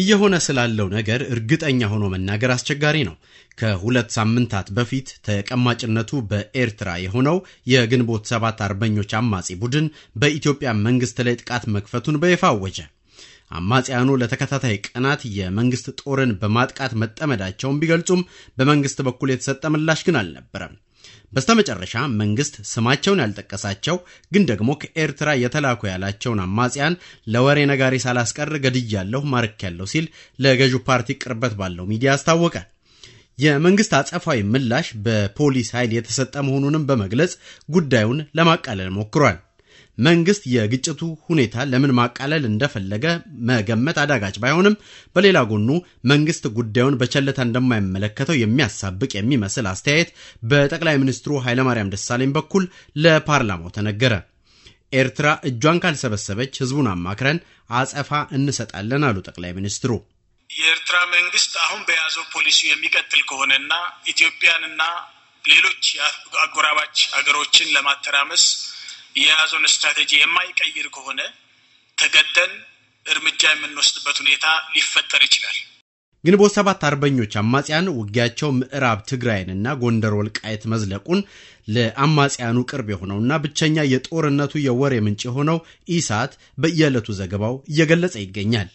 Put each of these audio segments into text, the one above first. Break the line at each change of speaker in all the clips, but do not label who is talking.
እየሆነ ስላለው ነገር እርግጠኛ ሆኖ መናገር አስቸጋሪ ነው። ከሁለት ሳምንታት በፊት ተቀማጭነቱ በኤርትራ የሆነው የግንቦት ሰባት አርበኞች አማጺ ቡድን በኢትዮጵያ መንግስት ላይ ጥቃት መክፈቱን በይፋ አወጀ። አማጽያኑ ለተከታታይ ቀናት የመንግስት ጦርን በማጥቃት መጠመዳቸውን ቢገልጹም በመንግስት በኩል የተሰጠ ምላሽ ግን አልነበረም። በስተመጨረሻ መንግስት ስማቸውን ያልጠቀሳቸው ግን ደግሞ ከኤርትራ የተላኩ ያላቸውን አማጽያን ለወሬ ነጋሪ ሳላስቀር ገድያለሁ፣ ያለው ሲል ለገዢው ፓርቲ ቅርበት ባለው ሚዲያ አስታወቀ። የመንግስት አጸፋዊ ምላሽ በፖሊስ ኃይል የተሰጠ መሆኑንም በመግለጽ ጉዳዩን ለማቃለል ሞክሯል። መንግስት የግጭቱ ሁኔታ ለምን ማቃለል እንደፈለገ መገመት አዳጋች ባይሆንም በሌላ ጎኑ መንግስት ጉዳዩን በቸልታ እንደማይመለከተው የሚያሳብቅ የሚመስል አስተያየት በጠቅላይ ሚኒስትሩ ኃይለማርያም ደሳለኝ በኩል ለፓርላማው ተነገረ። ኤርትራ እጇን ካልሰበሰበች ህዝቡን አማክረን አጸፋ እንሰጣለን አሉ ጠቅላይ ሚኒስትሩ። የኤርትራ መንግስት አሁን በያዘው ፖሊሲ የሚቀጥል ከሆነና ኢትዮጵያንና ሌሎች አጎራባች ሀገሮችን ለማተራመስ የያዘውን ስትራቴጂ የማይቀይር ከሆነ ተገደን እርምጃ የምንወስድበት ሁኔታ ሊፈጠር ይችላል። ግንቦት ሰባት አርበኞች አማጽያን ውጊያቸው ምዕራብ ትግራይንና ጎንደር ወልቃየት መዝለቁን ለአማጽያኑ ቅርብ የሆነውና ብቸኛ የጦርነቱ የወሬ ምንጭ የሆነው ኢሳት በየዕለቱ ዘገባው እየገለጸ ይገኛል።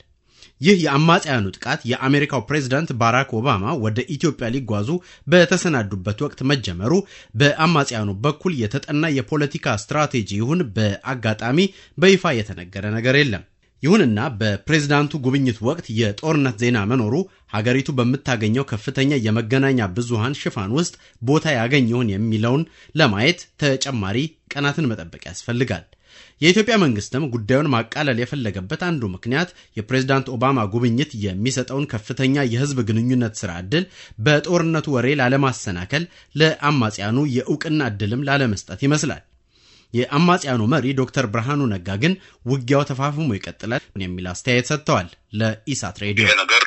ይህ የአማጽያኑ ጥቃት የአሜሪካው ፕሬዝዳንት ባራክ ኦባማ ወደ ኢትዮጵያ ሊጓዙ በተሰናዱበት ወቅት መጀመሩ በአማጽያኑ በኩል የተጠና የፖለቲካ ስትራቴጂ ይሁን በአጋጣሚ በይፋ የተነገረ ነገር የለም። ይሁንና በፕሬዝዳንቱ ጉብኝት ወቅት የጦርነት ዜና መኖሩ ሀገሪቱ በምታገኘው ከፍተኛ የመገናኛ ብዙሃን ሽፋን ውስጥ ቦታ ያገኘውን የሚለውን ለማየት ተጨማሪ ቀናትን መጠበቅ ያስፈልጋል። የኢትዮጵያ መንግስትም ጉዳዩን ማቃለል የፈለገበት አንዱ ምክንያት የፕሬዝዳንት ኦባማ ጉብኝት የሚሰጠውን ከፍተኛ የህዝብ ግንኙነት ስራ እድል በጦርነቱ ወሬ ላለማሰናከል፣ ለአማጽያኑ የእውቅና እድልም ላለመስጠት ይመስላል። የአማጽያኑ መሪ ዶክተር ብርሃኑ ነጋ ግን ውጊያው ተፋፍሞ ይቀጥላል የሚል አስተያየት ሰጥተዋል። ለኢሳት ሬዲዮ ነገር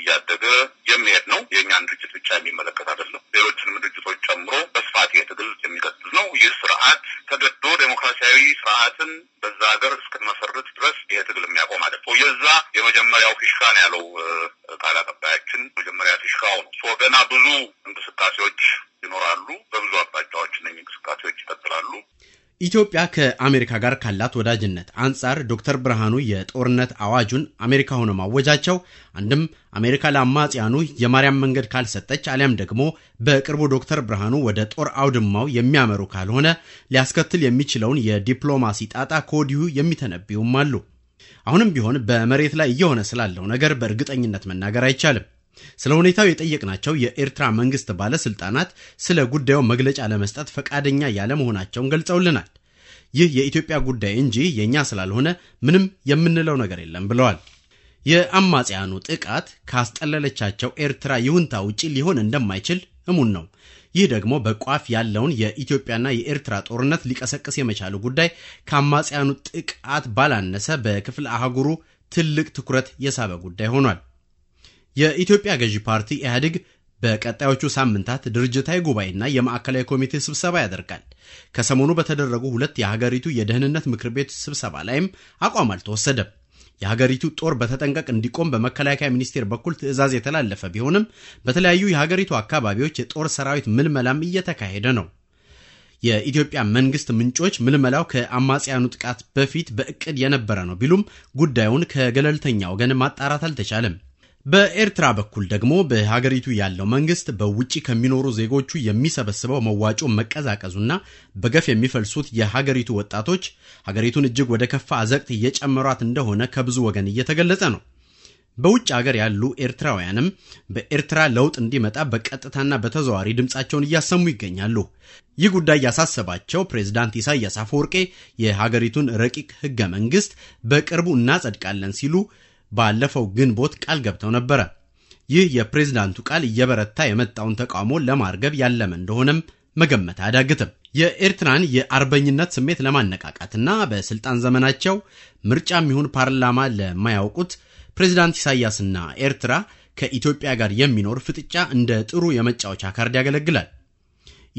እያደገ የሚሄድ ነው። የእኛን ድርጅት ብቻ የሚመለከት አይደለም። ሌሎችንም ድርጅቶች ጨምሮ በስፋት የትግል የሚቀጥል ነው። ይህ ስርዓት ተገዶ ዴሞክራሲያዊ ስርዓትን በዛ ሀገር እስክንመሰርት ድረስ ይሄ ትግል የሚያቆም ማለት የዛ የመጀመሪያው ፊሽካ ነው ያለው ቃል አቀባያችን። መጀመሪያ ፊሽካው ነው። ገና ብዙ እንቅስቃሴዎች ይኖራሉ በብዙ አቅጣጫዎች ነ ኢትዮጵያ ከአሜሪካ ጋር ካላት ወዳጅነት አንጻር ዶክተር ብርሃኑ የጦርነት አዋጁን አሜሪካ ሆነው ማወጃቸው አንድም አሜሪካ ለአማጽያኑ የማርያም መንገድ ካልሰጠች አሊያም ደግሞ በቅርቡ ዶክተር ብርሃኑ ወደ ጦር አውድማው የሚያመሩ ካልሆነ ሊያስከትል የሚችለውን የዲፕሎማሲ ጣጣ ከወዲሁ የሚተነብዩም አሉ። አሁንም ቢሆን በመሬት ላይ እየሆነ ስላለው ነገር በእርግጠኝነት መናገር አይቻልም። ስለ ሁኔታው የጠየቅናቸው የኤርትራ መንግስት ባለስልጣናት ስለ ጉዳዩ መግለጫ ለመስጠት ፈቃደኛ ያለመሆናቸውን ገልጸውልናል። ይህ የኢትዮጵያ ጉዳይ እንጂ የእኛ ስላልሆነ ምንም የምንለው ነገር የለም ብለዋል። የአማጽያኑ ጥቃት ካስጠለለቻቸው ኤርትራ ይሁንታ ውጪ ሊሆን እንደማይችል እሙን ነው። ይህ ደግሞ በቋፍ ያለውን የኢትዮጵያና የኤርትራ ጦርነት ሊቀሰቅስ የመቻሉ ጉዳይ ከአማጽያኑ ጥቃት ባላነሰ በክፍለ አህጉሩ ትልቅ ትኩረት የሳበ ጉዳይ ሆኗል። የኢትዮጵያ ገዢ ፓርቲ ኢህአዴግ በቀጣዮቹ ሳምንታት ድርጅታዊ ጉባኤና የማዕከላዊ ኮሚቴ ስብሰባ ያደርጋል። ከሰሞኑ በተደረጉ ሁለት የሀገሪቱ የደህንነት ምክር ቤት ስብሰባ ላይም አቋም አልተወሰደም። የሀገሪቱ ጦር በተጠንቀቅ እንዲቆም በመከላከያ ሚኒስቴር በኩል ትዕዛዝ የተላለፈ ቢሆንም በተለያዩ የሀገሪቱ አካባቢዎች የጦር ሰራዊት ምልመላም እየተካሄደ ነው። የኢትዮጵያ መንግስት ምንጮች ምልመላው ከአማጽያኑ ጥቃት በፊት በእቅድ የነበረ ነው ቢሉም ጉዳዩን ከገለልተኛ ወገን ማጣራት አልተቻለም። በኤርትራ በኩል ደግሞ በሀገሪቱ ያለው መንግስት በውጭ ከሚኖሩ ዜጎቹ የሚሰበስበው መዋጮ መቀዛቀዙና በገፍ የሚፈልሱት የሀገሪቱ ወጣቶች ሀገሪቱን እጅግ ወደ ከፋ አዘቅት እየጨመሯት እንደሆነ ከብዙ ወገን እየተገለጸ ነው። በውጭ ሀገር ያሉ ኤርትራውያንም በኤርትራ ለውጥ እንዲመጣ በቀጥታና በተዘዋሪ ድምፃቸውን እያሰሙ ይገኛሉ። ይህ ጉዳይ ያሳሰባቸው ፕሬዝዳንት ኢሳያስ አፈወርቄ የሀገሪቱን ረቂቅ ህገ መንግስት በቅርቡ እናጸድቃለን ሲሉ ባለፈው ግንቦት ቃል ገብተው ነበረ። ይህ የፕሬዝዳንቱ ቃል እየበረታ የመጣውን ተቃውሞ ለማርገብ ያለመ እንደሆነም መገመት አያዳግትም። የኤርትራን የአርበኝነት ስሜት ለማነቃቃትና በስልጣን ዘመናቸው ምርጫ የሚሆን ፓርላማ ለማያውቁት ፕሬዝዳንት ኢሳያስና ኤርትራ ከኢትዮጵያ ጋር የሚኖር ፍጥጫ እንደ ጥሩ የመጫወቻ ካርድ ያገለግላል።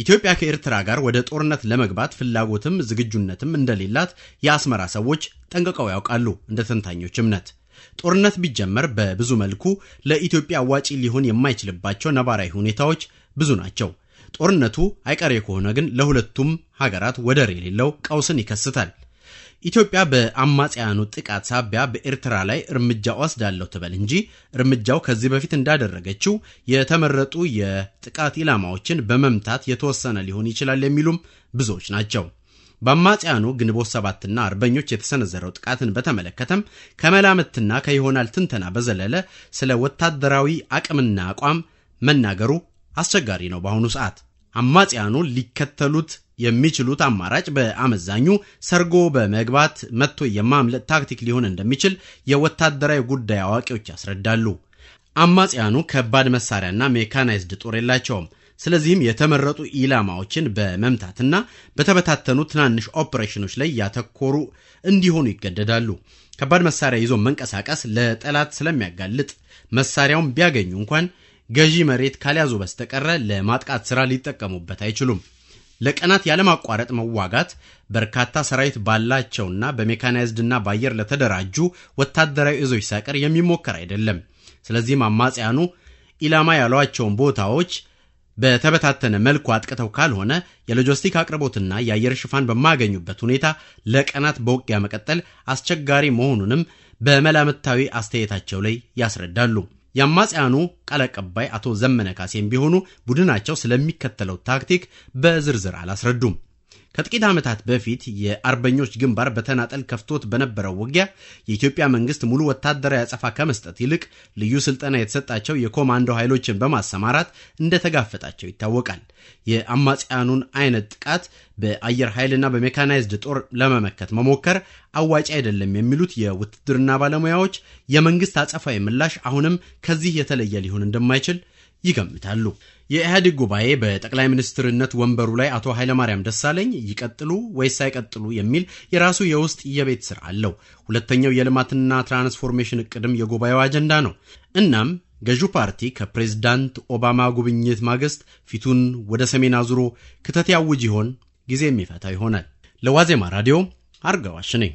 ኢትዮጵያ ከኤርትራ ጋር ወደ ጦርነት ለመግባት ፍላጎትም ዝግጁነትም እንደሌላት የአስመራ ሰዎች ጠንቅቀው ያውቃሉ እንደ ተንታኞች እምነት ጦርነት ቢጀመር በብዙ መልኩ ለኢትዮጵያ አዋጪ ሊሆን የማይችልባቸው ነባራዊ ሁኔታዎች ብዙ ናቸው። ጦርነቱ አይቀሬ ከሆነ ግን ለሁለቱም ሀገራት ወደር የሌለው ቀውስን ይከስታል። ኢትዮጵያ በአማጽያኑ ጥቃት ሳቢያ በኤርትራ ላይ እርምጃ ወስዳለሁ ትበል እንጂ እርምጃው ከዚህ በፊት እንዳደረገችው የተመረጡ የጥቃት ኢላማዎችን በመምታት የተወሰነ ሊሆን ይችላል የሚሉም ብዙዎች ናቸው። በአማጽያኑ ግንቦት ሰባትና አርበኞች የተሰነዘረው ጥቃትን በተመለከተም ከመላምትና ከይሆናል ትንተና በዘለለ ስለ ወታደራዊ አቅምና አቋም መናገሩ አስቸጋሪ ነው። በአሁኑ ሰዓት አማጽያኑ ሊከተሉት የሚችሉት አማራጭ በአመዛኙ ሰርጎ በመግባት መጥቶ የማምለጥ ታክቲክ ሊሆን እንደሚችል የወታደራዊ ጉዳይ አዋቂዎች ያስረዳሉ። አማጽያኑ ከባድ መሳሪያና ሜካናይዝድ ጦር የላቸውም። ስለዚህም የተመረጡ ኢላማዎችን በመምታትና በተበታተኑ ትናንሽ ኦፕሬሽኖች ላይ ያተኮሩ እንዲሆኑ ይገደዳሉ። ከባድ መሳሪያ ይዞ መንቀሳቀስ ለጠላት ስለሚያጋልጥ መሳሪያውን ቢያገኙ እንኳን ገዢ መሬት ካልያዙ በስተቀረ ለማጥቃት ስራ ሊጠቀሙበት አይችሉም። ለቀናት ያለማቋረጥ መዋጋት በርካታ ሰራዊት ባላቸውና በሜካናይዝድና በአየር ለተደራጁ ወታደራዊ እዞች ሳይቀር የሚሞከር አይደለም። ስለዚህም አማጽያኑ ኢላማ ያሏቸውን ቦታዎች በተበታተነ መልኩ አጥቅተው ካልሆነ የሎጂስቲክ አቅርቦትና የአየር ሽፋን በማገኙበት ሁኔታ ለቀናት በውጊያ መቀጠል አስቸጋሪ መሆኑንም በመላምታዊ አስተያየታቸው ላይ ያስረዳሉ። የአማጽያኑ ቃል አቀባይ አቶ ዘመነ ካሴም ቢሆኑ ቡድናቸው ስለሚከተለው ታክቲክ በዝርዝር አላስረዱም። ከጥቂት ዓመታት በፊት የአርበኞች ግንባር በተናጠል ከፍቶት በነበረው ውጊያ የኢትዮጵያ መንግስት ሙሉ ወታደራዊ አጸፋ ከመስጠት ይልቅ ልዩ ስልጠና የተሰጣቸው የኮማንዶ ኃይሎችን በማሰማራት እንደተጋፈጣቸው ይታወቃል። የአማጽያኑን አይነት ጥቃት በአየር ኃይልና በሜካናይዝድ ጦር ለመመከት መሞከር አዋጭ አይደለም የሚሉት የውትድርና ባለሙያዎች የመንግስት አጸፋዊ ምላሽ አሁንም ከዚህ የተለየ ሊሆን እንደማይችል ይገምታሉ። የኢህአዴግ ጉባኤ በጠቅላይ ሚኒስትርነት ወንበሩ ላይ አቶ ኃይለማርያም ደሳለኝ ይቀጥሉ ወይስ አይቀጥሉ የሚል የራሱ የውስጥ የቤት ስራ አለው። ሁለተኛው የልማትና ትራንስፎርሜሽን እቅድም የጉባኤው አጀንዳ ነው። እናም ገዢው ፓርቲ ከፕሬዝዳንት ኦባማ ጉብኝት ማግስት ፊቱን ወደ ሰሜን አዙሮ ክተት ያውጅ ይሆን? ጊዜ የሚፈታ ይሆናል። ለዋዜማ ራዲዮ አርጋዋሽ ነኝ።